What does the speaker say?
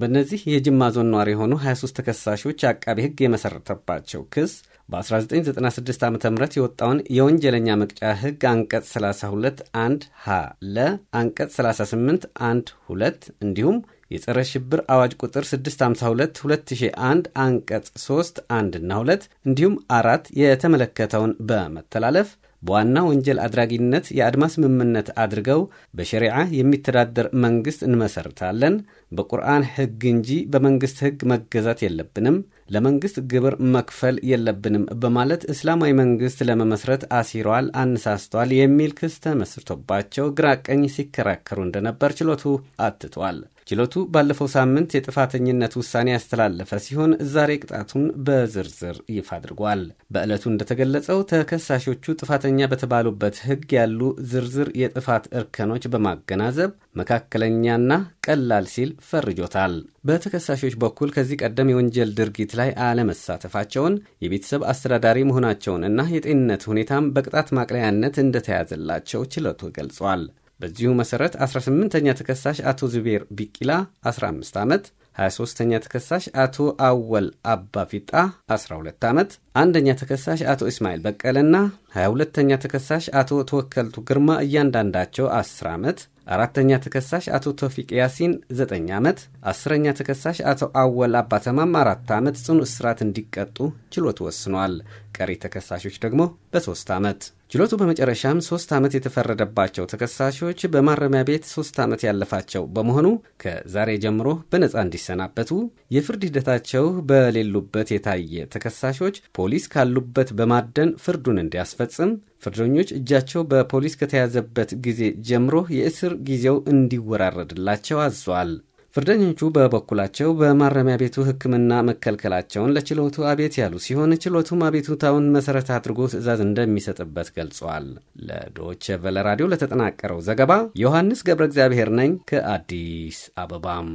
በእነዚህ የጅማ ዞን ነዋሪ የሆኑ 23 ተከሳሾች አቃቤ ሕግ የመሰረተባቸው ክስ በ1996 ዓ ም የወጣውን የወንጀለኛ መቅጫ ሕግ አንቀጽ 32 1 ሀ ለ አንቀጽ 38 1 2 እንዲሁም የጸረ ሽብር አዋጅ ቁጥር 652 2001 አንቀጽ 3 1 እና 2 እንዲሁም አራት የተመለከተውን በመተላለፍ በዋና ወንጀል አድራጊነት የአድማ ስምምነት አድርገው በሸሪዓ የሚተዳደር መንግሥት እንመሰርታለን። በቁርአን ሕግ እንጂ በመንግሥት ሕግ መገዛት የለብንም፣ ለመንግሥት ግብር መክፈል የለብንም በማለት እስላማዊ መንግሥት ለመመስረት አሲሯል፣ አነሳስቷል የሚል ክስ ተመስርቶባቸው ግራ ቀኝ ሲከራከሩ እንደነበር ችሎቱ አትቷል። ችሎቱ ባለፈው ሳምንት የጥፋተኝነት ውሳኔ ያስተላለፈ ሲሆን ዛሬ ቅጣቱን በዝርዝር ይፋ አድርጓል። በዕለቱ እንደተገለጸው ተከሳሾቹ ጥፋተኛ በተባሉበት ሕግ ያሉ ዝርዝር የጥፋት እርከኖች በማገናዘብ መካከለኛና ቀላል ሲል ፈርጆታል። በተከሳሾች በኩል ከዚህ ቀደም የወንጀል ድርጊት ላይ አለመሳተፋቸውን፣ የቤተሰብ አስተዳዳሪ መሆናቸውንና የጤንነት ሁኔታም በቅጣት ማቅለያነት እንደተያዘላቸው ችሎቱ ገልጿል። በዚሁ መሠረት 18ኛ ተከሳሽ አቶ ዙቤር ቢቂላ 15 ዓመት፣ 23ኛ ተከሳሽ አቶ አወል አባ ፊጣ 12 ዓመት፣ አንደኛ ተከሳሽ አቶ እስማኤል በቀለና 22 ተኛ ተከሳሽ አቶ ተወከልቱ ግርማ እያንዳንዳቸው 10 ዓመት፣ አራተኛ ተከሳሽ አቶ ቶፊቅ ያሲን 9 ዓመት፣ አስረኛ ተከሳሽ አቶ አወል አባተማም 4 ዓመት ጽኑ እስራት እንዲቀጡ ችሎት ወስኗል። ቀሪ ተከሳሾች ደግሞ በ3 ዓመት ችሎቱ በመጨረሻም ሶስት ዓመት የተፈረደባቸው ተከሳሾች በማረሚያ ቤት ሶስት ዓመት ያለፋቸው በመሆኑ ከዛሬ ጀምሮ በነፃ እንዲሰናበቱ፣ የፍርድ ሂደታቸው በሌሉበት የታየ ተከሳሾች ፖሊስ ካሉበት በማደን ፍርዱን እንዲያስፈጽም፣ ፍርደኞች እጃቸው በፖሊስ ከተያዘበት ጊዜ ጀምሮ የእስር ጊዜው እንዲወራረድላቸው አዟል። ፍርደኞቹ በበኩላቸው በማረሚያ ቤቱ ሕክምና መከልከላቸውን ለችሎቱ አቤት ያሉ ሲሆን ችሎቱም አቤቱታውን መሰረት አድርጎ ትዕዛዝ እንደሚሰጥበት ገልጿል። ለዶች ቨለ ራዲዮ ለተጠናቀረው ዘገባ ዮሐንስ ገብረ እግዚአብሔር ነኝ ከአዲስ አበባም